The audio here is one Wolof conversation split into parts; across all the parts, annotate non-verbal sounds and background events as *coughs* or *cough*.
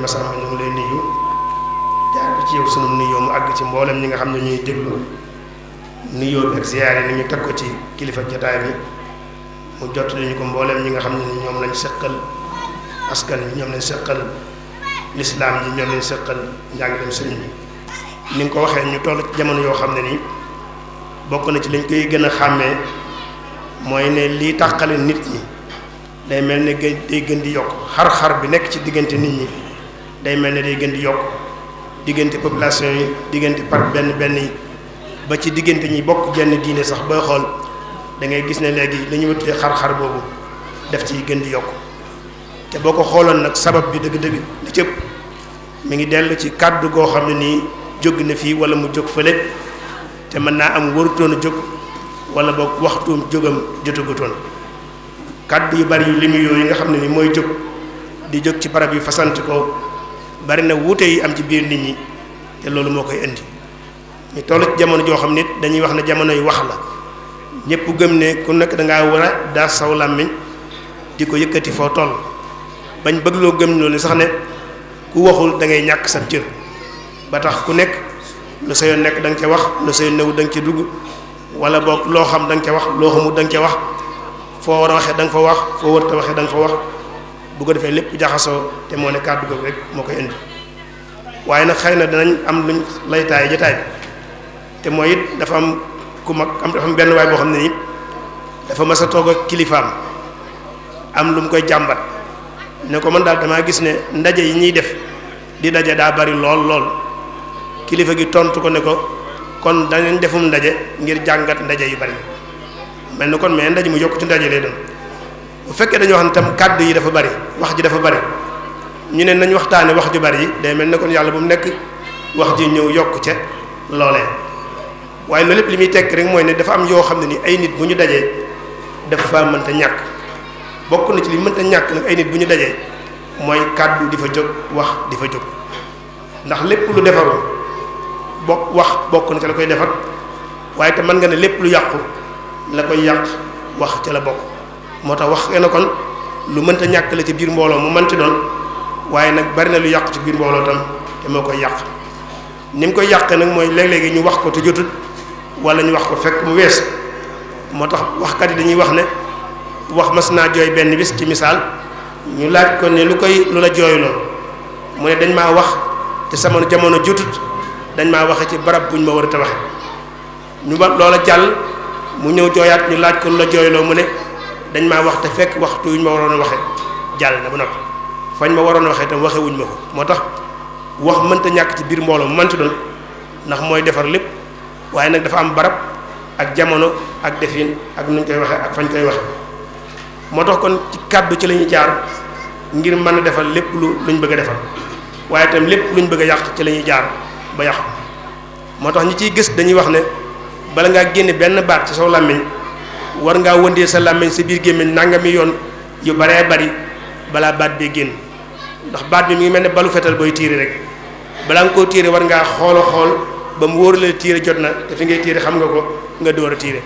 sëriñ Massamba ñu ngi lay nuyu jaar ci yow sunu nuyoo mu àgg ci mboolem ñi nga xam ne ñuy déglu nuyoo bi ak ziyaar yi ni ñu teg ko ci kilifa jotaay bi mu jot lañu ko mbooleem ñi nga xam ne ni ñoom lañ sëqal askan bi ñoom lañ sëqal lislaam ji ñoom lañ sëqal njàngaleem sëriñ bi ni nga ko waxee ñu toll ci jamono yoo xam ne ni bokk na ci lañ koy gën a xàmmee mooy ne lii tàqale nit ñi day mel ne day gën di yokk xar-xar bi nekk ci diggante nit ñi day mel na day gën di yokk diggante population yi diggante par benn benn yi ba ci diggante ñi bokk jenn diine sax booy xool da ngay gis ne léegi li ñu wutee xar-xar boobu daf ciy gën di yokk te boo ko xooloon nag sabab bi dëgg-dëgg li cëpp mi ngi dellu ci kàddu goo xam ne nii jóg na fii wala mu jóg fële te mën naa am warutoon a jóg wala boog waxtuum jógam jotagutoon kàddu yu bari yu limu yooyu nga xam ne ni mooy jóg di jóg ci barab yu fasante bari na wuute yi am ci biir nit ñi te loolu moo koy indi ñu toll ci jamono joo xam nit dañuy wax ne jamono yu wax la ñëpp gëm ne ku nekk da ngaa war a daas saw làmmiñ di ko yëkkati foo toll bañ bëgg loo gëm loolu sax ne ku waxul da ngay ñàkk sa cër ba tax ku nekk lu sa yoon nekk da ca wax lu sa yoon newul da ca dugg wala boog loo xam da nga ca wax loo xamul da nga ca wax foo war a waxee da nga fa wax foo warta waxee da nga fa wax. bu ko defee lépp jaxasoo te moo ne kàddu googu rek moo koy indi waaye nag xëy na danañ am luñ laytaay jotaay bi te mooy it dafa am ku mag am dafa am benn waay boo xam ne nii dafa mas a toog ak kilifaam am lu koy jàmbat ne ko man daal damaa gis ne ndaje yi ñuy def di daje daa bari lool lool kilifa gi tontu ko ne ko kon danañ defum ndaje ngir jàngat ndaje yu bari mel na kon mais ndaje mu yokk ci ndaje lay doon. bu fekkee dañoo xam ne tam kàddu yi dafa bari wax ji dafa bari ñu ne nañ waxtaane wax ju bari yi day mel ne kon yàlla bu mu nekk wax ji ñëw yokk ca loolee waaye loolu lépp li muy tekk rek mooy ne dafa am yoo xam ne ni ay nit bu ñu dajee dafa mënta ñàkk bokk na ci li mënta ñàkk nag ay nit bu ñu dajee mooy kàddu di fa jóg wax di fa jóg ndax lépp lu defaru bokk wax bokk na ca la koy defar waaye te mën nga ne lépp lu yàqu la koy yàq wax ca la bokk moo tax wax nga ne kon lu mënta ñàkk la ci biir mbooloo mu mënti doon waaye nag bari na lu yàq ci biir mbooloo tam te moo koy yàq ni mu koy yàq nag mooy léeg-léegi ñu wax ko te jotut wala ñu wax ko fekk mu wees moo tax waxkat yi dañuy wax ne wax mas naa jooy benn bis ci misaal ñu laaj ko ne lu koy lu la jooyloo mu ne dañ maa wax te sama jamono jotut dañ maa waxe ci barab buñ ma war a waxe ñu ba loola jàll mu ñëw jooyaat ñu laaj ko lu la jooyloo mu ne. dañ ma wax te fekk waxtu yu ñu ma waroon a waxe jàll na ba noppi fañ ma waroon a waxee tam waxe wuñ ma ko moo tax wax mën mënta ñàkk ci biir mbooloo mu man ci doon ndax mooy defar lépp waaye nag dafa am barab ak jamono ak defin ak nuñ koy waxe ak fañ koy waxe moo tax kon ci kàddu ci la jaar ngir mën a defal lépp lu luñ bëgg a defar waaye itam lépp luñ bëgg a yàq ci la ñuy jaar ba yàq moo tax ñi ciy gis dañuy wax ne bala ngaa génne benn baat ci saw làmmiñ war ngaa wëndee sa làmmiñ si biir gémmiñ nangami yoon yu bare bari balaa baat bi génn ndax baat bi mi ngi mel ne balu fetal booy tiire rek balaa nga koo tiire war ngaa xoola xool ba mu wóor la tiire jot na te fi ngay tiire xam nga ko nga door a tiire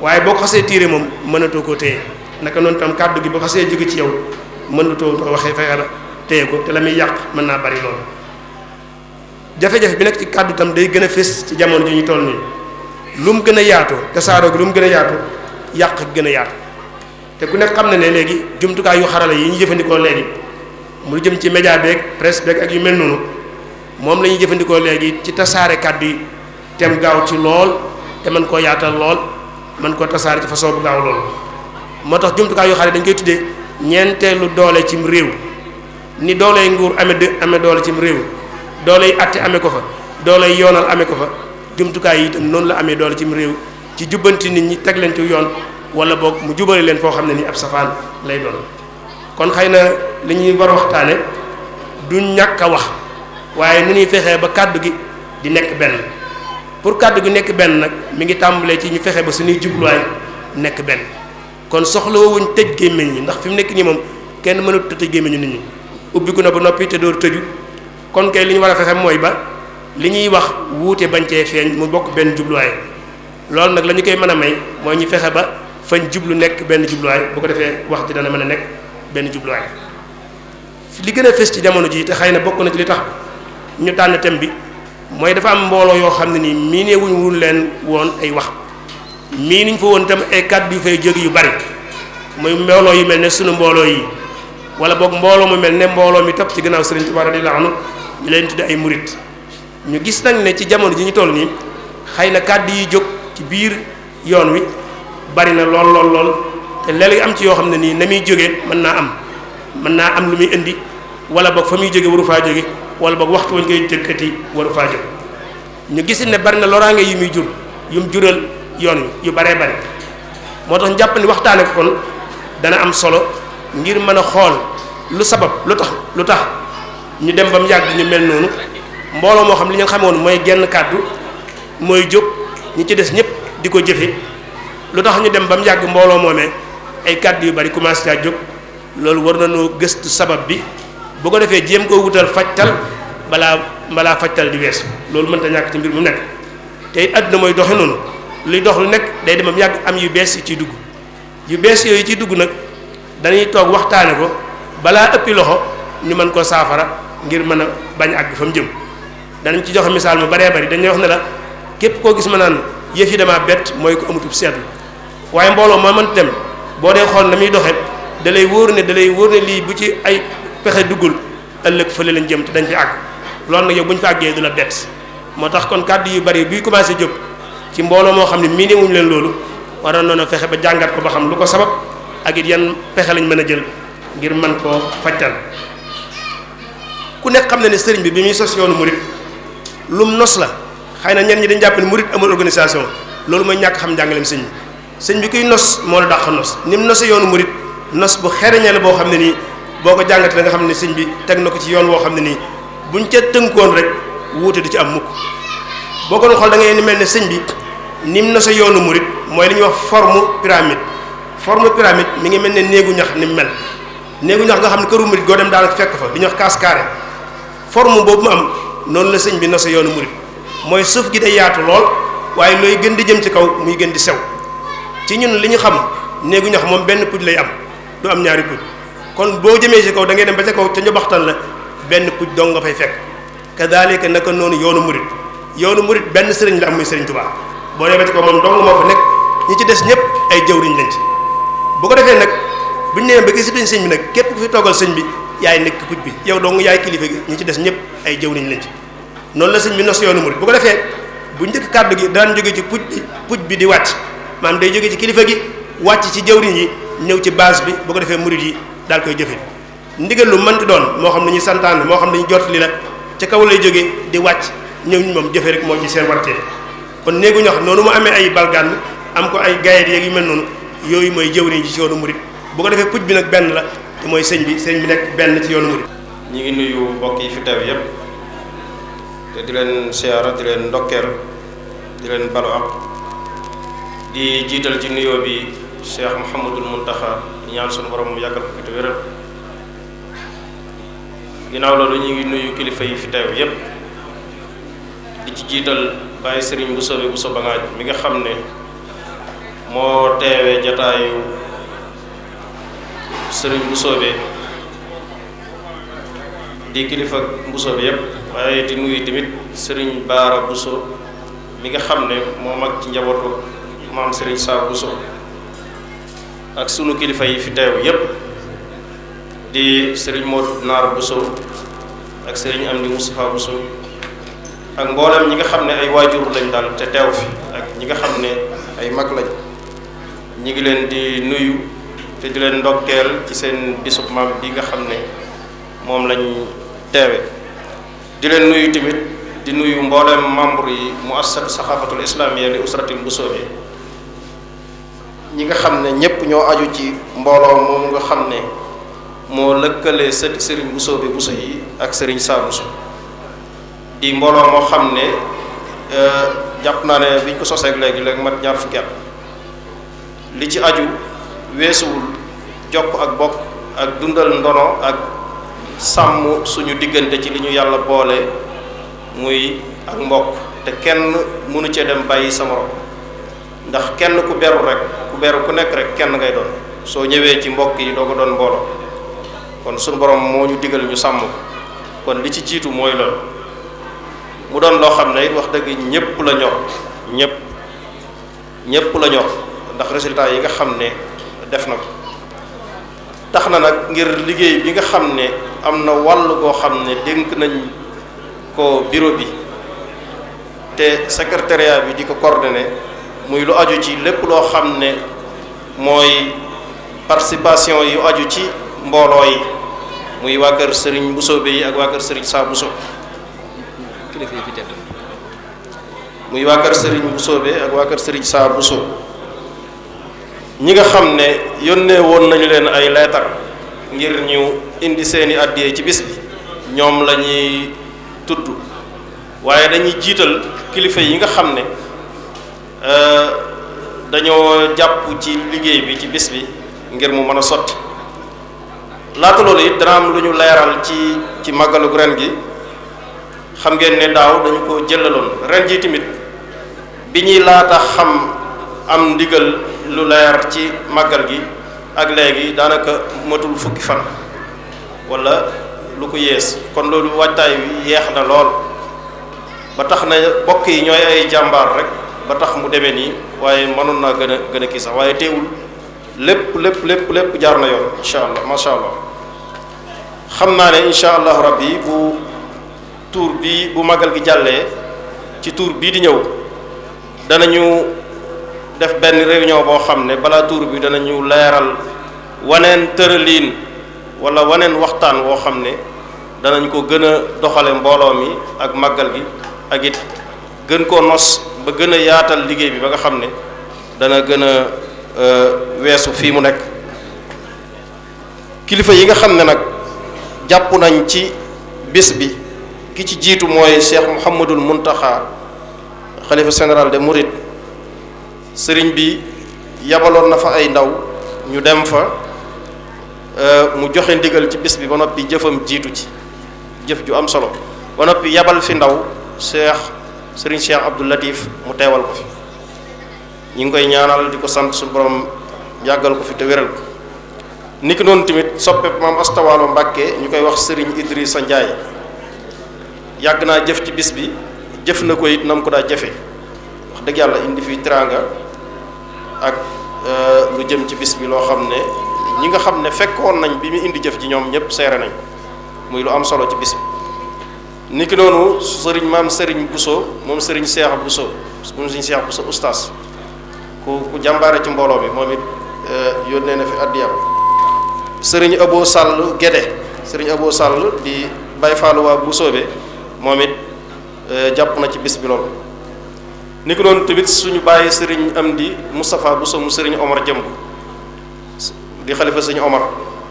waaye boo ko xasee tiire moom mënatoo koo téye naka noonu tam kàddu gi boo xasee jóge ci yow mënatoo waxee fexe la téye ko te la muy yàq mën naa bari loolu jafe-jafe bi nag ci kàddu tam day gën a fés ci jamono ji ñu toll gën a yaatu tasaaroo gi lu gën a yaatu yàq gën a yaatu te ku nekk xam na ne léegi jumtukaay yu xarala yi ñu jëfandikoo léegi mu jëm ci média beeg presse beeg ak yu mel noonu moom la ñuy jëfandikoo léegi ci tasaare kàddu yi tem gaaw ci lool te mën koo yaatal lool mën koo tasaare ci façon bu gaaw lool moo tax jumtukaay yu xarala dañ koy tuddee ñeenteelu doole cim réew ni doole dooley nguur ame dë amee doole cim réew doole yi atte amee ko fa doole yi yoonal amee ko fa jumtukaay yi itam noonu la amee doole cim réew ci jubbanti nit ñi teg leen ci yoon wala boog mu jubale leen foo xam ne nii ab safaan lay doon kon xëy na li ñuy war a waxtaane du ñàkk a wax waaye ni ñuy fexee ba kàddu gi di nekk benn pour kàddu gi nekk benn nag mu ngi tàmbalee ci ñu fexe ba suñuy jubluwaay nekk benn kon soxlawuñ tëj gémmiñ yi ndax fi mu nekk nii moom kenn mënut tëj gémmiñu nit ñi ubbiku na ba noppi te door tëju kon kay li ñu war a fexe mooy ba li ñuy wax wuute bañ cee feeñ mu bokk benn jubluwaay loolu nag lañu koy mën a may mooy ñu fexe ba fañ jublu nekk benn jubluwaay bu ko defee wax ji dana mën a nekk benn jubluwaay li gën a fës ci jamono ji te xëy na bokk na ci li tax ñu tànn thème bi mooy dafa am mbooloo yoo xam ne nii miinee wuñ leen woon ay wax mii niñ fa woon ay kàddu yu fay yu bari muy mbooloo yu mel ne sunu mbooloo yi wala boog mbooloo mu mel ne mbooloo mi topp ci gannaaw Serigne Touba radiyallahu anhu ñu leen tudde ay murit ñu gis nag ne ci jamono ji ñu toll nii xëy na kàddu yi jóg ci biir yoon wi bari na lool lool lool te léeg am ci yoo xam ne nii na muy jóge mën naa am mën naa am lu muy indi wala boog fa muy jóge waru faa jóge wala boog waxtu wañ koy jëkkati waru faa jóge ñu gis ne bari na loraange yu muy jur yu jural yoon wi yu baree bari moo tax jàpp ni waxtaane ko kon dana am solo ngir mën a xool lu sabab lu tax lu tax ñu dem ba mu yàgg ñu mel noonu mbooloo moo xam li ñu xamoon mooy genn kàddu mooy jóg ñi ci des ñëpp di ko jëfe lu tax ñu dem ba mu yàgg mbooloo moomee ay kàddu yu bari commencé caa jóg loolu war nañoo gëstu sabab bi bu ko defee jéem ko wutal fajtal balaa balaa fajtal di wees loolu mënta ñàkk ci mbir mu nekk tey àdduna mooy doxe noonu luy dox lu nekk day demam yàgg am yu bees yu ciy dugg yu bees yooyu ciy dugg nag dañuy toog waxtaane ko balaa ëppi loxo ñu mën ko saafara ngir mën a bañ àgg fa mu jëm danañ ci joxe misaal mu baree bari dañuy wax ne la képp koo gis ma naan yëf yi damaa bett mooy ko amatub seetlu waaye mbooloo moo mën dem boo dee xool na muy doxe dalay wóor ne dalay wóor ne lii bu ci ay pexe duggul ëllëg fële lañ jëm te dañ fi àgg loolu nag yow bu ñu fa àggee du la moo tax kon kàddu yu bari buy commencé jóg ci mbooloo moo xam ne mii newuñu leen loolu waroon noonu a fexe ba jàngat ko ba xam lu ko sabab ak it yan pexe lañ mën a jël ngir man koo fajtal ku nekk xam na ni sëriñ bi bi muy sos yoonu murit lum nos la xëy na ñenn ñi dañ jàpp ne murit amul organisation loolu mooy ñàkk xam njàngaleem sëñ bi sëñ bi kuy nos moo la dàq nos ni mu nosee yoonu murit nos bu xereñee la boo xam ne nii boo ko jàngatee la nga xam ne sëñ bi teg na ko ci yoon woo xam ne nii buñ ca tënkoon rek wuute du ci am mukk boo ko doon xool da ngay ni mel ne sëñ bi ni mu nosee yoonu murit mooy li ñuy wax forme pyramide forme pyramide mi ngi mel ne néegu ñax ni mu mel néegu ñax nga xam ne këru murit goo dem daanaka fekk fa li ñuy wax casse carré forme boobu mu am noonu la sëñ bi nosee yoonu murit mooy suuf gi day yaatu lool waaye looy gën di jëm ci kaw muy gën di sew ci ñun li ñu xam néegu ñax moom benn puj lay am du am ñaari puj kon boo jëmee ci kaw da ngay dem ba ca kaw ca njobaxtan la benn puj dong nga fay fekk kadaalika naka noonu yoonu murit yoonu murit benn sëriñ la am muy sëriñ Tuubaa boo demee ci kaw moom dong moo fa nekk ñi ci des ñëpp ay jëwriñ lañ ci bu ko defee nag bu ñu nee ba gisatuñ sëñ bi nag képp ku fi toogal sëñ bi yaay nekk puj bi yow dong yaay kilifa gi ñi ci des ñëpp ay jëwriñ lañ ci noonu la sëñ bi nos yoonu murid bu ko defee bu njëkk kàddu daan jóge ci puj bi bi di wàcc maanaam day jóge ci kilifa gi wàcc ci jawriñ yi ñëw ci base bi bu ko defee murid yi daal koy jëfe ndigal lu mënti doon moo xam ne ñu santaan moo xam ne ñu jot li la kaw lay jóge di wàcc ñëw ñu moom jëfe rek moo ci seen wartee kon néegu ñox noonu mu amee ay balgaan am ko ay gayet yeeg yu mel noonu yooyu mooy jëwriñ ji ci yoonu murid ko defee puj bi nag benn la te mooy sëñ bi sëñ bi nekk benn ci yoonu murid ñi ngi nuyu mbokk yi fi teew yépp te di leen siyaara di leen ndokkeel di leen balu ak di jiital ci nuyoo bi Cheikh Mouhamadul Muntaxa di ñaan sunu borom mu yàggal ko fi te wéral ginnaaw loolu ñu ngi nuyu kilifa yi fi teew yépp di ci jiital sëriñ Serigne bu soobee bu soobee ngaaj mi nga xam ne moo teewee jataayu sëriñ bu soobee di kilifa bu soobee yépp waaye di nuyu tamit sëriñ Baara bu Bousso mi nga xam ne moo mag ci njabootu maam sëriñ Saa Bousso ak sunu kilifa yi fi teew yépp di sëriñ Modou Naar Bousso ak sëriñ Amdi Moustapha Bousso ak mboolem ñi nga xam ne ay waajur lañ daal te teew fi ak ñi nga xam ne ay mag lañ ñi ngi leen di nuyu te di leen ndokkeel ci seen bisub maam bi nga xam ne moom lañ teewe di leen nuyu tamit di nuyu mboolem membre yi mu muassasatu saxaafatul islamiyya li usratil Busoobi ñi nga xam ne ñépp ñoo aju ci mbooloo moomu nga xam ne moo lëkkalee sëti sëriñ Busoobi Buso yi ak sëriñ Saabuso di mbooloo moo xam ne euh, jàpp naa ne biñ ko soseeg léegi léegi mat ñaar fukki at li ci aju weesuwul jokk ak bokk ak dundal ndono ak sàmm suñu diggante ci li ñu yàlla boole muy ak mbokk te kenn mënu cee dem bàyyi sa morom ndax kenn ku beru rek ku beru ku nekk rek kenn ngay doon soo ñëwee ci mbokk yi doo ko doon mbooloo kon suñu borom moo ñu digal ñu sàmm kon li ci jiitu mooy loolu mu doon loo xam ne wax dëgg ñépp la ñor ñépp ñépp la ñor ndax résultat yi nga xam ne def na ko tax na nag ngir liggéey bi nga xam ne am na wàll goo xam ne dénk nañ ko bureau bi te secrétariat bi di ko coordonné muy lu aju ci lépp loo xam ne mooy participation yu aju ci mbooloo yi muy waa kër Serigne Bousso bi ak waa kër Serigne Sa Bousso muy waa kër Serigne Bousso ak waa kër Serigne Sa ñi nga xam ne yónnee woon nañu leen ay leetar ngir ñu indi seeni àddiyee ci bis bi ñoom la ñuy tudd waaye dañuy jiital kilifa yi nga xam ne euh, dañoo jàpp ci liggéey bi ci bis bi ngir mu mën a sotti laata loolu it dana am lu ñu leeral ci ci màggalu ren gi xam ngeen ne daaw dañu ko jëlaloon ren ji tamit bi ñuy laata xam am ndigal lu leer ci màggal gi ak léegi daanaka matul fukki fan wala lu ko yées kon loolu waajtaay wi yeex na lool ba tax na bokk yi ñooy ay jàmbaar rek ba tax mu demee nii waaye mënoon naa gën a gën a kii sax waaye teewul lépp lépp lépp lépp jaar na yoon incha allah macha allah xam naa ne incha allah rabbi bu tuur bii bu màggal gi jàllee ci tuur bii di ñëw danañu def benn réunion boo xam ne balaa tuur bi dana danañu leeral waneen tëraliin wala waneen waxtaan woo xam ne danañ ko gën a doxale mbooloo mi ak màggal gi ak it gën koo nos ba gën a yaatal liggéey bi ba nga xam ne dana gën a euh, weesu fii mu nekk kilifa yi nga xam ne nag jàpp nañ ci bis bi ki ci jiitu mooy Cheikh Mouhamadul Muntaxa xalifa général de Mouride sëriñ bi yabaloon na fa ay ndaw ñu dem fa euh, mu joxe ndigal ci bis bi ba noppi jëfam jiitu ci jëf ju am solo ba noppi yabal fi ndaw cheikh sëriñ cheikh abdul latif mu teewal ko fi ñu ngi koy ñaanal di ko sant su borom yàggal ko fi te wéral ko niki noonu tamit soppe maam astawaalo mbàkke ñu koy wax sëriñ sa njaay yàgg naa jëf ci bis bi jëf na ko it nam ko daa jëfe wax dëgg yàlla indi fi teraanga ak euh, lu jëm ci bis bi loo xam ne ñi nga xam ne fekkoon nañ bi mu indi jëf ji ñoom ñëpp seere nañ muy lu am solo ci bis bi ki noonu sëriñ maam sëriñ Bousso moom sëriñ Seex Bousso moom sëriñ Seex Bousso oustaz ku ku jàmbaare ci mbooloo bi moom it euh, yónnee na fi addiyam sëriñ Abo Sall Guédé sëriñ Abo Sall di bay faalu waa Bousso bi moom it euh, jàpp na ci bis bi loolu ni ko doon tamit suñu bàyyi sëriñ am di Moustapha Bousso mu sëriñ Omar jëmb di xalifa sëriñ Omar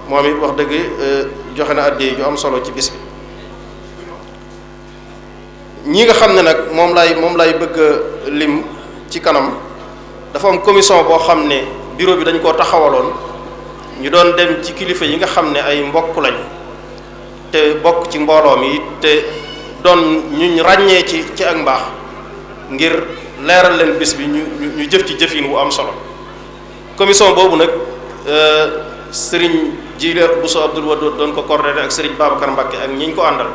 moom it wax dëgg eh, joxe na àddee ñu am solo ci bis bi ñi nga xam ne nag moom lay moom lay bëgg lim ci kanam dafa am commission boo xam ne bureau bi dañ koo taxawaloon ñu doon dem ci kilifa yi nga xam ne ay mbokk lañu te bokk ci mbooloo mi te doon ñu ràññee ci ci ak mbaax ngir leeral leen bis bi ñu ñu jëf ci jëfin wu am solo commission boobu nag euh, sëriñ Jile Bousso Abdoul Wadoud doon ko coordonné ak sëriñ Babacar Mbacke ak ñi ko àndal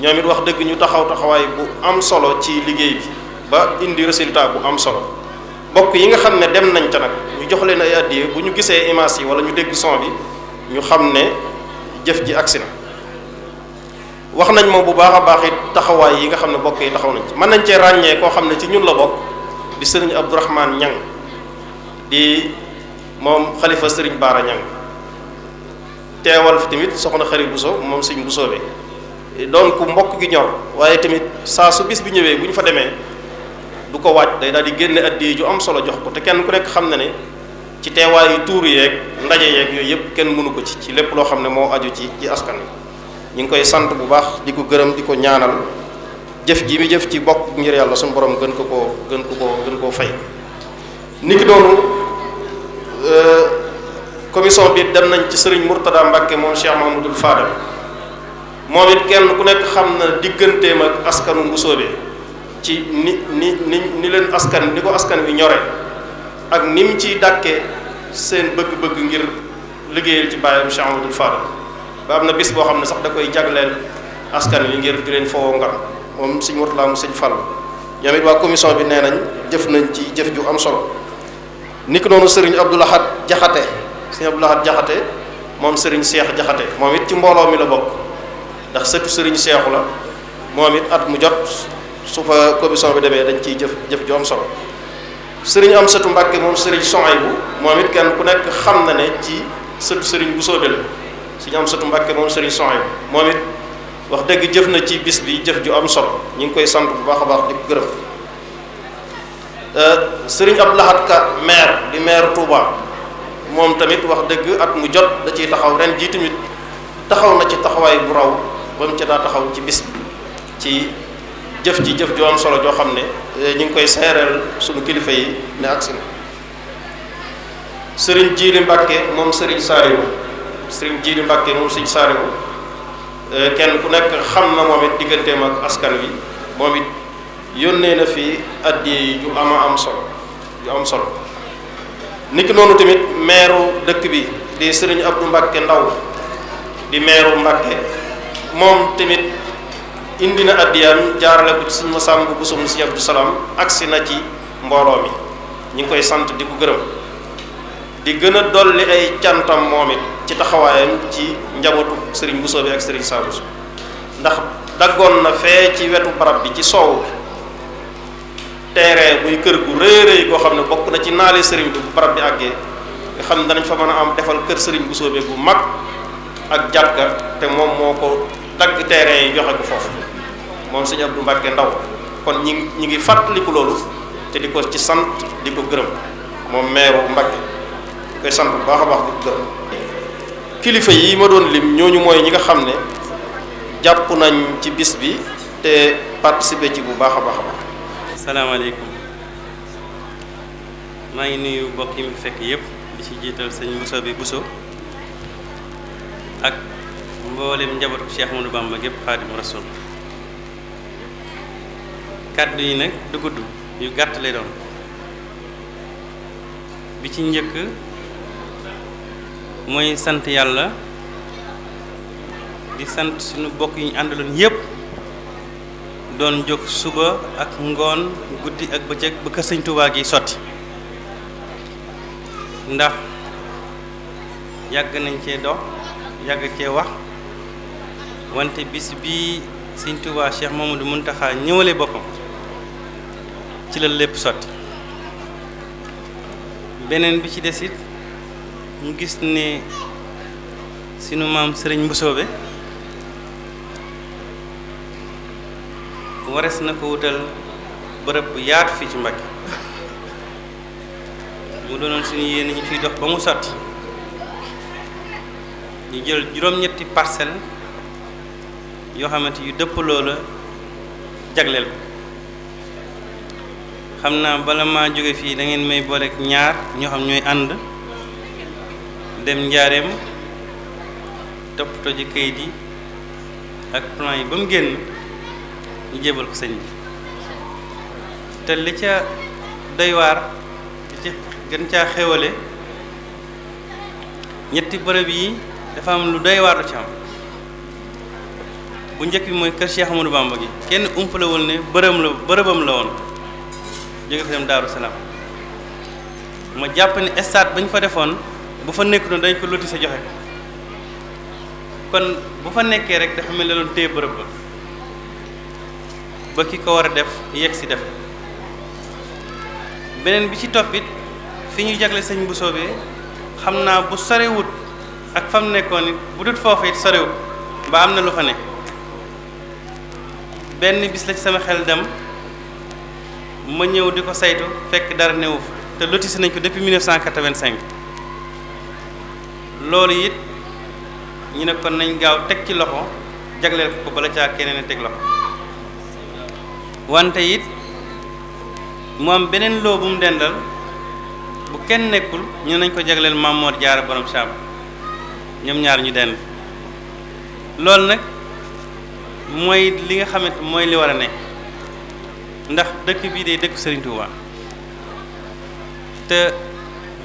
ñoom it wax dëgg ñu taxaw taxawaay bu am solo ci liggéey bi ba indi résultat bu am solo bokk yi nga xam ne dem nañ ca nag ñu jox leen ay addiye bu ñu gisee image yi wala ñu dégg son bi ñu xam ne jëf ji agsi na wax nañ ma bu baax a baax it taxawaay yi nga xam ne bokk yi taxaw nañ ci mën nañ cee ràññee koo xam ne ci ñun la bokk di sëriñ Abdourahman Ñang di moom xalifa sëriñ Baara Ñang teewal fi tamit soxna bu so moom sëriñ bu bi doon ku mbokk gi ñor waaye tamit saa su bis bi ñëwee bu ñu fa demee du ko waaj day daal di génne addi ju am solo jox ko te kenn ku nekk xam na ne ci teewaayu tuuru yeeg ndaje yeeg yooyu yëpp kenn mënu ko ci ci lépp loo xam ne moo aju ci ci askan wi ñu ngi koy sant bu baax di ko gërëm di ko ñaanal jëf ji mi jëf ci bokk ngir yàlla suñu boroom gën ko ko gën ko koo gën koo fay. niki noonu euh, commission bi dem nañ ci sëriñ Mourtada Mbacke moom Cheikh Mahmoudul Fadal moom it kenn ku nekk xam na digganteem ak askanu Mbusoobe ci ni ni ni ni leen askan ni ko askan wi ñore ak ni mu ciy dàkkee seen bëgg-bëgg ngir liggéeyal ci bàyyam Cheikh Mahmoudul Fadal. ba am na bis boo xam ne sax da koy jagleel askan wi ngir di leen fowoo ngal moom sëñ Murtala mu sëñ Fall ñoom it waa commission bi nee nañ jëf nañ ci jëf ju am solo ni ki sëriñ Abdou Jaxate sëriñ Abdou Lahad moom sëriñ Cheikh Jaxate moom it ci mbooloo mi la bokk ndax sëtu sëriñ Cheikhu la moom it at mu jot su fa commission bi demee dañ ciy jëf jëf ju am solo sëriñ am sëtu Mbàkke moom sëriñ Sohaybu moom it kenn ku nekk xam na ne ci sëtu sëriñ bu soobee la suñu am satu mbàkke moom sëriñ Sohayb moom it wax dëgg jëf na ci bis bi jëf ju am solo ñu ngi koy sant bu baax a baax di ko gërëm euh, sëriñ Abdou Lahad Ka maire di maire Touba moom tamit wax dëgg at mu jot da ciy taxaw ren jii tamit taxaw na ci taxawaay bu raw ba mu ci daa taxaw ci bis bi ci jëf ji jëf ju am solo joo xam ne euh, ñu ngi koy seereel suñu kilifa yi ne agsi na sëriñ Jiili Mbàkke moom sëriñ Saaliwu sëriñ Jiili Mbàkke moom sëñ Saaliwu eh, kenn ku nekk xam na moom it digganteem ak askan wi moom it yónnee na fi addiye yi ju ama am solo ju am solo niki noonu tamit meeru dëkk bi di sëriñ Abdou Mbàkke Ndaw di meeru Mbàkke moom tamit indi na addiyam jaarale ko ci suñu masàmb bu sum si Abdou Salaam agsi na ci mbooloo mi ñu ngi koy sant di ko gërëm di gën a dolli ay cantam moom it ci taxawaayam ci njabootu sëriñ Bousso bi ak sëriñ Saabus ndax daggoon na fee ci wetu barab bi ci soow terrain buy kër gu rëy rëy goo xam ne bokk na ci naale sëriñ bi bu barab bi àggee nga xam ne danañ fa mën a am defal kër sëriñ Bousso bi bu mag ak jàkka te moom moo ko dagg terrain yi joxe ko foofu moom sëñ Abdou Mbacke ndaw kon ñi ñi ngi fàttaliku loolu te di ko ci sant di ko gërëm moom meeru Mbacke koy sant bu baax a baax di ko gërëm kilifa yi ma doon lim ñooñu mooy ñi nga xam ne jàpp nañ ci bis bi te participer ci bu baax a baax a baax. maa ngi nuyu mbokk fekk yépp di ci jiital sëñ Moussa bi Bousso ak mboolem njabootu Cheikh Ahmadou Bamba gépp Xaadimu Rasuul kàddu yi nag du gudd yu gàtt lay bi ci njëkk. mooy sant yàlla di sant suñu bokk yi ñu àndaloon yépp doon jóg suba ak ngoon guddi ak bëccëg ba kër sëñ Tuubaa gi sotti ndax yàgg nañ cee dox yàgg cee wax wante bis bi sëñ Tuubaa Cheikh Mamadou Muntaxa ñëwale boppam ci la lépp sotti beneen bi ci des ñu gis ne sinu maam Serigne Mbusoobe wares na ko wutal bërëb bu yaatu fii ci Mbàkke mu doonoon suñu yéen ñu ciy dox ba mu sotti ñu jël juróom-ñetti parcelle yoo xamante yu dëpp loola jagleel xam naa bala maa jóge fii dangeen may booleek ñaar ñoo xam ñooy ànd dem njaareem toppatoo ji kayit yi ak plan yi ba mu génn ñu jébal ko sëñ bi te li ca doy waar li ca gën caa xéwale ñetti bërëb yi dafa am lu doy waar ci am bu njëkk bi mooy kër Cheikh Amadou Bamba gi kenn umpalewul ne bërëm bërëbam la woon jóge fa dem Daaru Salaam ma jàpp ni stade bañ ñu fa defoon bu fa nekk doon dañ ko loti sa joxe kon bu fa nekkee rek dafa mel ne loolu téye bërëb ba ba ko war a def yegg si def beneen bi ci toppit fi ñu jagle sëñ bu soobee xam naa bu sorewut ak fam nekkoon it bu dut foofu it sorewut ba am na lu fa ne benn bis la ci sama xel dem ma ñëw di ko saytu fekk dara newu fa te lotissé nañ ko depuis 1985 loolu it ñu ne kon nañ gaaw teg ci loxo jagleel ko bala caa keneen a teg loxo wante it moom beneen loo bu mu dendal bu kenn nekkul ñu nañ ko jagleel Maam jaar Jaara borom saam ñoom ñaar ñu dend loolu nag mooy li nga xamante mooy li war a ne ndax dëkk bii day dëkk Serigne Touba te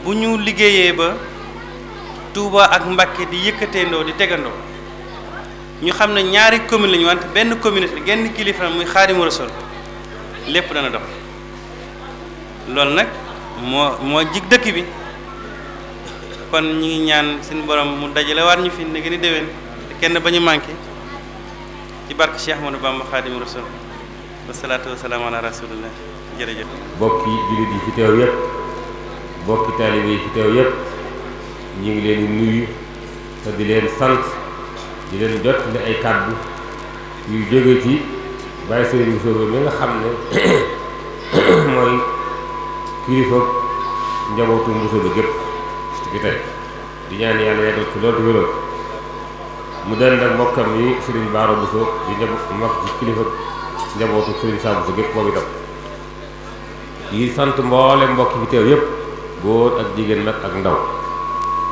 bu ñu liggéeyee ba Touba ak Mbacké di yëkkateendoo di tegandoo ñu xam ne ñaari commune lañu wante benn communauté genn kilifa muy Xaadimu Rasuul lépp dana dox loolu nag moo moo jig dëkk bi kon ñu ngi ñaan seen borom mu dajale waat ñu fi ne gën déwén te kenn bañu ñu ci barke Cheikh Ahmadou Bamba Xaadimu Rasuul wasalaatu wasalaamu ala rasulillah jërëjëf bokki jullit yi fi teew yëpp bokki taalibe yi fi teew yëpp ñu ngi leen nuyu te di leen sant di leen jot li ay kàddu yu jóge ci bàyyi sëriñ Sow mi nga xam ne *coughs* mooy kilifa njabootu Mboussobé gépp bi tey di ñaan yàlla yàggal ci loolu wéroon mu dend ak mbokkam yi sëriñ Baara Bousso di njaboot njabootu sëriñ Saa Bousso gépp moom itam yi sant mboole mbokk fi teew yëpp góor ak jigéen nag ak ndaw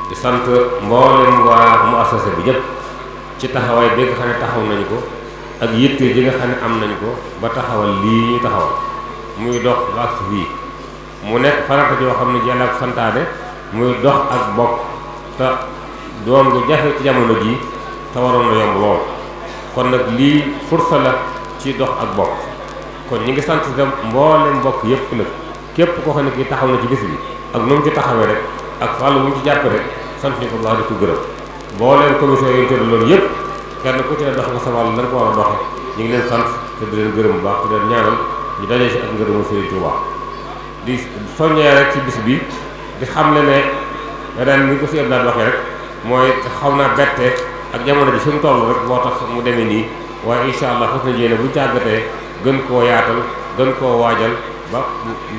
di sant mboolem waa mu assase bi yëpp ci taxawaay bi nga taxaw nañu ko ak yitte ji nga xam ne am nañu ko ba taxawal lii ñu taxawal muy dox ba ak fii mu nekk farata joo xam ne yàlla ko santaane muy dox ak bokk te doom gu jafe ci jamono jii te waroon na yomb lool kon nag lii fursa la ci dox ak bokk kon ñi ngi sant itam mboolem bokk yëpp nag képp koo xam ne kii taxaw na ci bisi bi ak nu mu ci taxawee rek ak wàllu mu ñu ci jàpp rek sant ñu ko baax di ko gërëm mbooleem commission yi tëdd loolu yëpp kenn ku ci ne dox sa wàll lan ko war a doxe ñu ngi leen sant te di gërëm bu baax te leen ñaanal ñu dajee si ak ngërëmu Sëriñ Tuuba di soññee rek ci bis bi di xam ne ne ren ni ko si ëpp daal waxee rek mooy xaw naa bette ak jamono ji fi mu toll rek moo tax mu demee nii waaye incha allah fas na yéene bu jàggatee gën koo yaatal gën koo waajal ba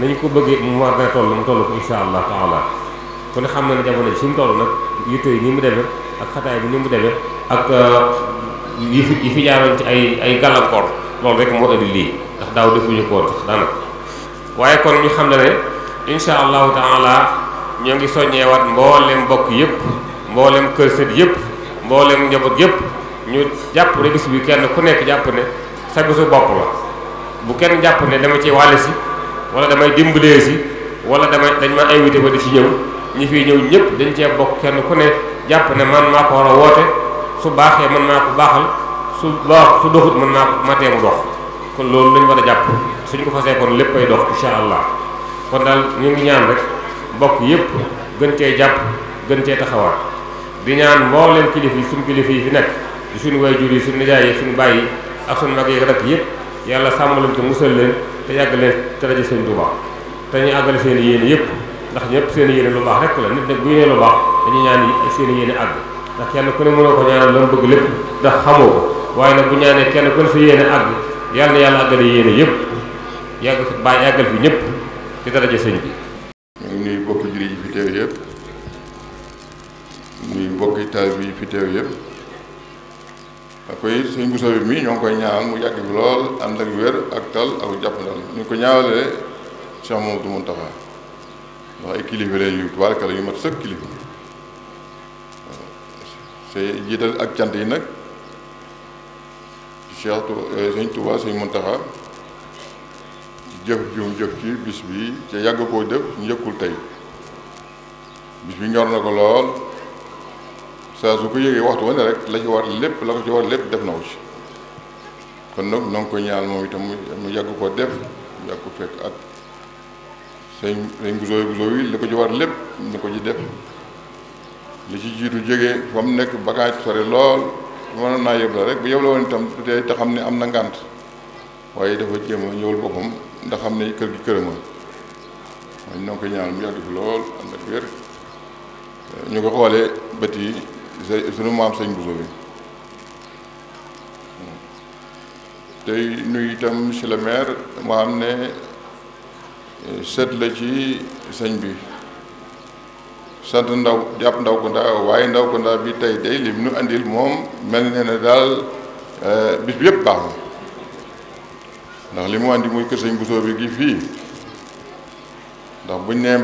nañu ko bëggee mu war a toll mu toll ko incha ku ne xam na ne jamono ji fi mu toll nag yitte yi ni mu demee ak xataay bi ni mu demee ak euh, yi fi yi fi jaaroon ci ay ay gàllankoor loolu rek moo indi lii ndax daaw defuñu ko woon sax waaye kon ñu xam ne ne insha allahu taala ñoo ngi soññeewaat mboolem bokk yëpp mboolem kër sët yëpp mboolem njaboot yëpp ñu jàpp ne bis bi kenn ku nekk jàpp ne sa bisu bopp la bu kenn jàpp ne dama ci wàll si wala damay dimbalee si wala damay dañ ma invité ba di ci ñëw ñi fii ñëw ñëpp dañ cee bokk kenn ku ne jàpp ne man maa ko war a woote su baaxee man naa ko baaxal su baax su doxut man naa ko mu dox kon loolu lañ war a jàpp suñ ko fasee kon léppay dox incha allah kon daal ñu ngi ñaan rek bokk yëpp gën cee jàpp gën cee taxawaat di ñaan mbooleem kilif yi suñ kilif yi fi nekk di suñu waajur yi suñu nijaay yi suñu bàyyi ak suñu mag yi rek yëpp yàlla sàmmalam te musal leen te yàgg leen te rajo seen Tuubaa te ñu àggale seen yéen yëpp ndax ñëpp seen yéene lu baax rek la nit nag bu yéene lu baax dañuy ñaan seen yéene àgg ndax kenn ku ne mënoo ko ñaanal la mu bëgg lépp ndax xamoo ko waaye nag bu ñaanee kenn ku ne sa yéene àgg yàlla na yëpp yàgg fi bàyyi ñëpp ci daraja bi ñu ngi nuyu bokki jullit yi fi teew yëpp nuyu bokki taalibe yi ak koy sëñ Bousso lool ànd ak wér ak tal ak jàppandal ñu ngi ko ñaanalee Cheikh Mamadou Moustapha ndax ay kilifa leen yu tubaarka la yu mat sëkk kilifa se jiital ak cant yi nag Cheikh eh, Sëñ Tuubaa Sëñ Muntaxa jëf juum jëf ci bis bi ca yàgg koo jëf ñu yëkkul tey bis bi ñor na ko lool saa su ko yëgee waxtu wane rek la ci war lépp la ko ci war lépp def na ko ci kon nag na nga ko ñaan moom itam mu yàgg koo def mu yàgg fekk at sëñ sëñ Gousso Gousso li ko ci war lépp ni ko ci def li ci jiitu jógee fa mu nekk bagage sore lool mënoon naa yëb la rek bu yëb la itam te te xam ne am na ngànt waaye dafa jéem a ñëwul boppam ndax xam ne kër gi kërama mooy ñoo ngi koy ñaanal lool ànd ak wér ñu ko xoolee bët yi sunu maam sëñ Gousso bi tey nuyu itam monsieur le maire ne set la ci sëñ bi sant ndaw jàpp ndaw ko ndaa waaye ndaw ko ndaa bi tey day lim nu andil moom mel ne ne daal euh, bis bi yëpp baax na ndax li mu andi muy kër sëñ Bousso bi gi fii ndax buñ nee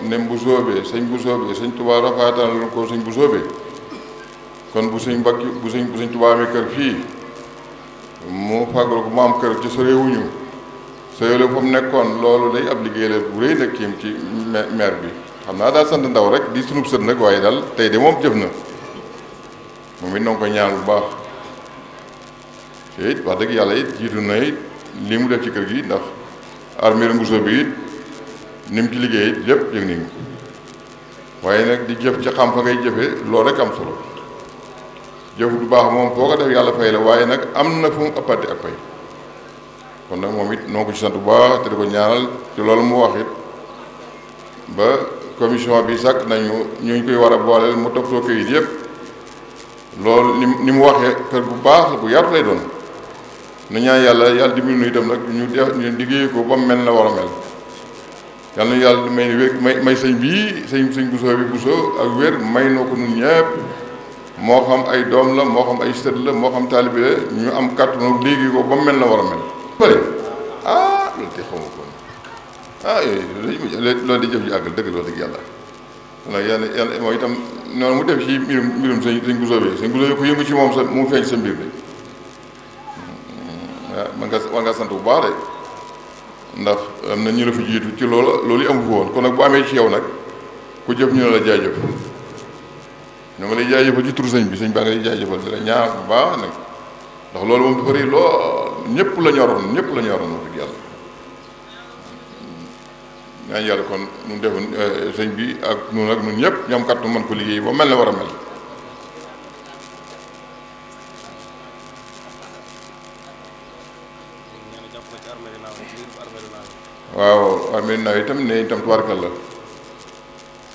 ne Bousso bi sëñ sëñ Tuubaa rafaatal lu ko sëñ Bousso bi kon bu sëñ Mbàkke bu sëñ bu kër fii mu fàggal ko mu am kër ci sorewuñu Seyole fa mu nekkoon loolu day ab liggéey la bu rëy nag kiim ci maire bi xam naa daal sant ndaw rek di sunub sët nag waaye daal tey de moom jëf na moom it noo ko ñaan bu baax te it wax dëgg yàlla it jiitu na it lii mu def ci kër gi ndax armée Mbuso bi it ni mu ci liggéey it lépp yëg nañu waaye nag di jëf ca xam fa ngay jëfee loolu rek am solo jëf du baax moom foo ko def yàlla fay la waaye nag am na fu mu ëppate ak fay kon nag moom it noo ko ci sant bu baax te di ko ñaanal ci loolu mu wax it ba commission bi sàkk nañu ñu ñu koy war a booleel mu toppatoo kayit yëpp loolu ni ni mu waxee kër bu baax la bu yaatu lay doon na ñaan yàlla yàlla dimbali nu itam nag ñu def ñu liggéey ko ba mu mel na war a mel yàlla na yàlla may wér may may sëñ bii sëñ sëñ busoo bi busoo ak wér may noo ko nun ñëpp moo xam ay doom la moo xam ay sët la moo xam taalibe la ñu am kàttanu léegi ko ba mu mel na war a mel bëri ah loolu de xaw ma ko ah yooyu loolu di jëf ji àggal dëgg loolu dëgg yàlla la yàlla yàlla mooy itam noonu mu def ci mbirum mbirum sëñ sëñ Bousso bi sëñ Bousso bi ku mm, ah, sant bu baax de ndax am na ñu la fi ci loolu loolu yi amu fi woon kon amee ci yow nag ku jëf ñu ne la jaajëf ñu ngi lay jaajëfal ci turu bi sëñ baa nga lay jaajëfal di la ñaar bu baax nag ndax loolu moom dafa rëy lool ñépp la ñoroon ñépp la ñoroon wax dëgg yàlla ñaan yàlla kon nun defoon eh, sëñ bi ak nun ak nun ñëpp ñoom kat nu mën ko liggéey ba mel ne war a mel waaw armée naaw itam ne itam tubaarkal la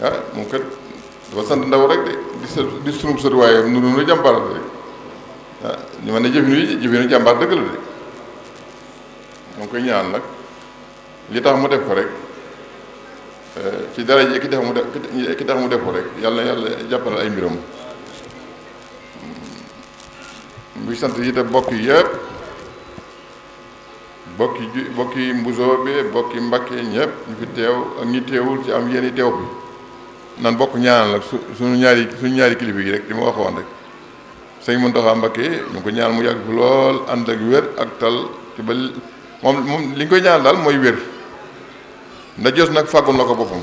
ah moom kat dafa sant ndaw rek di sunub sët waaye nu nu jàmbaar rek ah ñu mën ne jëfinu jëfinu jàmbaar dëgg la de ngi koy ñaan nag li tax mu def ko rek eh, ci dara ji ki tax mu def ki tax mu def ko rek yàlla yàlla jàppal ay mbiram mm. muy sant yi te bokk yëpp bokki ju bokki mbusoo bi bokki mbakke ñëpp ñu fi teew ak ñi teewul ci am yéeni teew fi nan bokk ñaanal nag su suñu ñaari suñu ñaari kilifa yi rek li ma waxoon rek sëñ Muntaxa Mbakke ñu ko ñaan mu yàgg fi lool ànd ak wér ak tal ci ba moom moom li ñu koy ñaanal daal mooy wér nda jos nag fàggul na ko boppam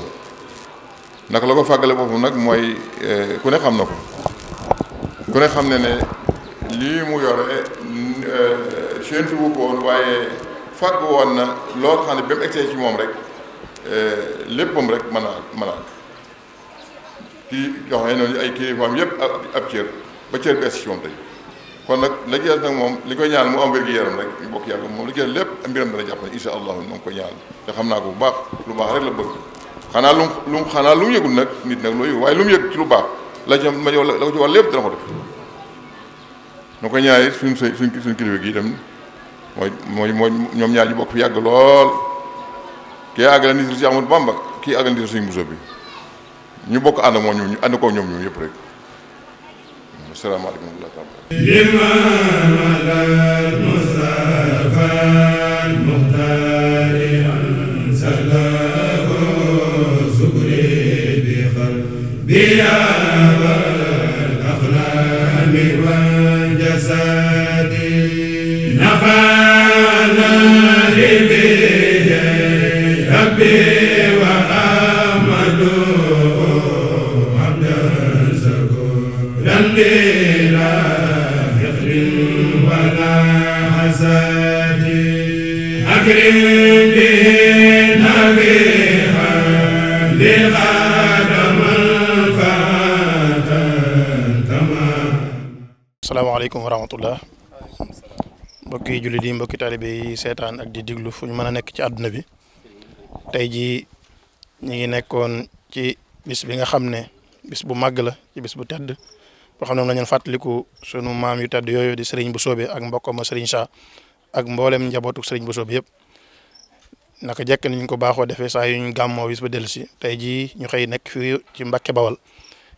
naka la ko fàggale boppam nag mooy eh, ku ne xam na ko ku ne xam ne ne lii mu yore eh, séentu wu ko woon waaye fàgg woon na lool xam ne ba mu egsee ci moom rek eh, léppam rek mën a mën a kii jox nañ noonu ay kilifaam yëpp ab cër ba cër bees ci moom tey kon nag la ci nag moom li koy ñaan mu am wér-gu-yaram rek ñu bokk yàlla moom la ci lépp mbiram dana jàpp ne insha allahu moom ko ñaan te xam naa bu baax lu baax rek la bëgg xanaa lu xanaa lu mu yëgul nag nit nag loo yëg waaye lu mu yëg ci lu baax la ci ma la ko ci wax lépp dana ko def nu ko ñaari suñ suñ suñ kilifa gi itam mooy mooy mooy ñoom ñaar ñu bokk fi yàgg lool kii àggale nit si Ahmadou Bamba kii àggale nit suñu Bousso bi ñu bokk ànd moo ñoom ñu ànd koo ñoom ñoom yëpp rek salaamaaleykum wa rahmatulah. rahmatullah mbokki jullit yi mbokki taalibe bi seetaan ak di diglu fu ñu mën a nekk ci àdduna bi tey jii ñu ngi nekkoon ci bis bi nga xam ne bis bu màgg la ci bis bu tedd boo xam ne moom la ñu fàttaliku sunu maam yu tedd yooyu di bu Boussobé ak mbokkam ma Serigne Sa ak mboolem njabootu bu Boussobé yëpp naka jekk ni ñu ko baaxoo defee saa yu ñu gàmmoo ba dellu si tey jii ñu xëy nekk fii ci mbakke Bawal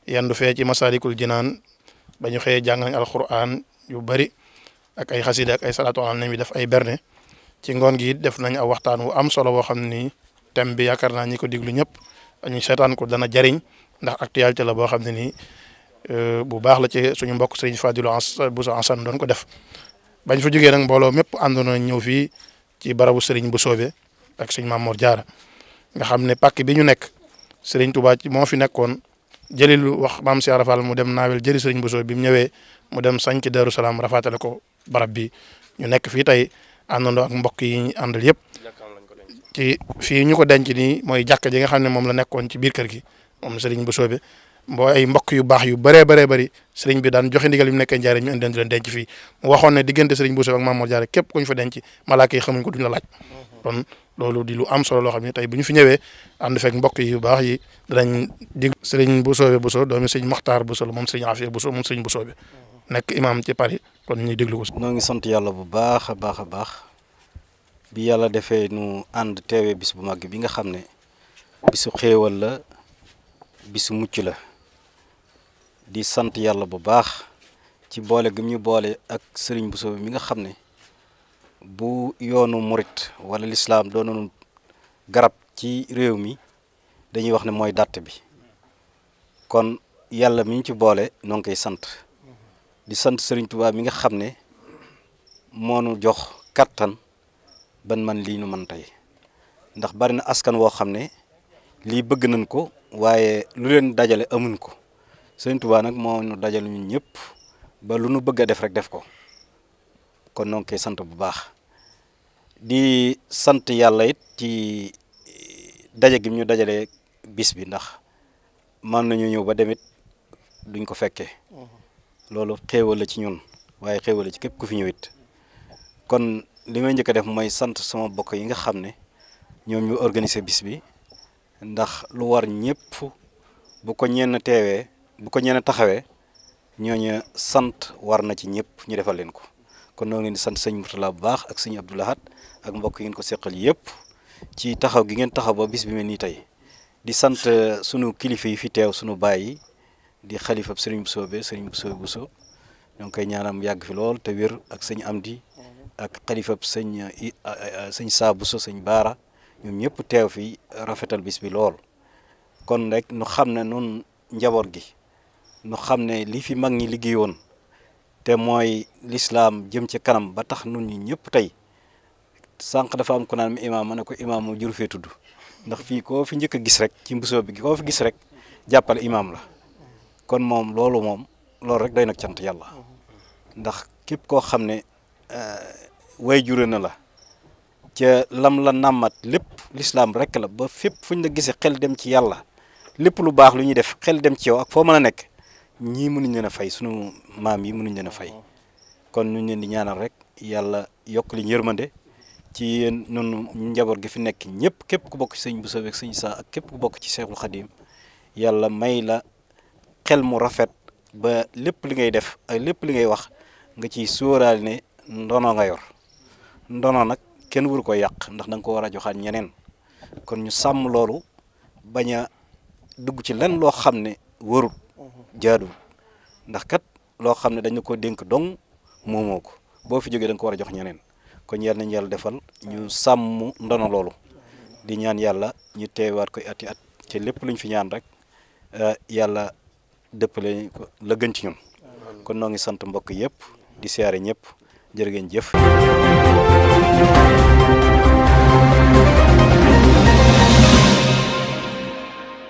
yandu fee ci Masaalikul Jinaan ba ñu xëyee jàng nañ alquran yu bari ak ay xasida ak ay salaatu ala nabi def ay berne ci ngoon gi def nañ aw waxtaan wu am solo boo xam ni thème bi yaakaar naa ñi ko diglu ñëpp ñu seetaan ko dana jariñ ndax actualité la boo xam ne nii euh, bu baax la ci suñu mbokk sëriñ Fadilou Bousso Ansane doon ko def bañ fa jógee nag mbooloo mépp àndoon ñëw fii ci barabu sëriñ bu soobe ak suñu Mamour jaara nga xam ne pàkk bi ñu nekk sëriñ Touba ci moo fi nekkoon jëli lu wax maam Cheikh Rafal mu dem naawel jëli sëriñ Bousso bi mu ñëwee mu dem sanc Darou Salaam rafatale ko barab bi ñu nekk fii tey àndandoo ak mbokk yi ñu àndal yëpp ci fii ñu ko denc nii mooy jàkka ji nga xam ne moom la nekkoon ci biir kër gi moom sëriñ Bousso bi mboo ay mbokk yu baax yu bëree bëree bëri sëriñ bi daan joxe ndigal yi mu nekkee njaare ñu indi leen denc fii mu waxoon ne diggante bu Bousso ak Maam Mor Jaara képp ku ñu fa denc malaaka yi xamuñ ko duñ la kon loolu di lu am solo loo xam ne tey bu ñu fi ñëwee and fekk mbokk yi baax yi danañ dig sëriñ Bousso bi Bousso doomi sëriñ Maxtaar Bousso la moom sëriñ Afia Bousso moom sëriñ Bousso bi nekk imaam ci Paris kon ñuy déglu ko. ñoo ngi sant yàlla bu baax a baax a baax yàlla defee nu ànd teewee bis bu màgg bi nga xam ne bisu xéewal mucc la di sant yàlla bu baax ci boole gi ñu boole ak sëriñ Bousso bi mi nga xam ne. bu yoonu murit wala lislaam doonoon garab ci réew mi dañuy wax ne mooy dàtt bi kon yàlla mi ñu ci boole noo koy sant di sant Sëriñ Tuubaa mi nga xam ne moonu jox kàttan ban man lii nu man tey ndax bari na askan woo xam ne lii bëgg nañ ko waaye lu leen dajale amuñ ko Sëriñ Tuubaa nag moo nu dajal ñun ñëpp ba lu nu bëgg a def rek def ko kon noo ngi sant bu baax di sant yàlla yit ci daje gi ñu dajale bis bi ndax mën nañu ñëw ba demit duñ ko fekkee mm-hmm. loolu xéewal ci ñun waaye xéewal ci képp ku fi ñëw it kon li may njëkk a def mooy sant sama bokk yi nga xam ne ñoom ñu organiser bis bi ndax lu war ñëpp bu ko ñeen teewee bu ko ñenn taxawee ñooñu sant war na ci ñëpp ñu defal leen ko kon noo ngi leen di sant sëñ Mourtala bu baax ak sëñ Abdou Lahad ak mbokk yi ngeen ko seqal yëpp ci taxaw gi ngeen taxaw ba bis bi mel nii tey di sant euh, sunu kilifa yi fi teew sunu baay yi di xalifa sëriñ Bousso be sëriñ Bousso Bousso ñoo ngi koy ñaanam yàgg fi lool te wér ak sëñ Amdi ak xalifa sëñ euh, euh, sëñ Saa Bousso sëñ Baara ñoom ñëpp teew fi rafetal bis bi lool kon rek nu xam ne noonu njaboot gi nu xam ne li fi mag ñi liggéeyoon te mooy lislaam jëm ci kanam ba tax nu ñi ñëpp tey sànq dafa am ku naan imaam ma ne ko imaam moom juru fee tudd ndax fii koo fi njëkk a gis rek ci mbusoo bi koo fi gis rek jàppale imaam la kon moom loolu moom loolu rek doy nag cant yàlla ndax képp koo xam ne euh, way jure na la ca lam la nàmmat lépp lislaam rek la ba fépp fuñ la gisee xel dem ci yàlla lépp lu baax lu ñuy def xel dem ci yow ak foo mën a nekk ñii mënuñ leen a fay sunu maam yi mënuñ leen a fay kon ñu leen di ñaanal rek yàlla yokk liñ yërmande ci noonu njaboot gi fi nekk ñëpp képp ku bokk ci sëñ bu ak sëñ Saa ak képp ku bokk ci Seexul Xadim yàlla may la xel mu rafet ba lépp li ngay def ak lépp li ngay wax nga ciy sóoraal ne ndono nga yor ndono nag kenn waru ko yàq ndax da ko war a joxaat ñeneen kon ñu sàmm loolu bañ a dugg ci lenn loo xam ne warul jaaduwul ndax kat loo xam ne dañu ko dénk dong moomoo ko boo fi jógee da nga ko war a jox ñeneen kon yal nañu yàlla defal ñu sàmm ndono loolu di ñaan yàlla ñu teewaat koy ati at ci lépp luñ fi ñaan rek eh, yàlla dëppale ko la gën ci ñun kon noo ngi sant mbokk yëpp di siyaare ñëpp jërë jëf.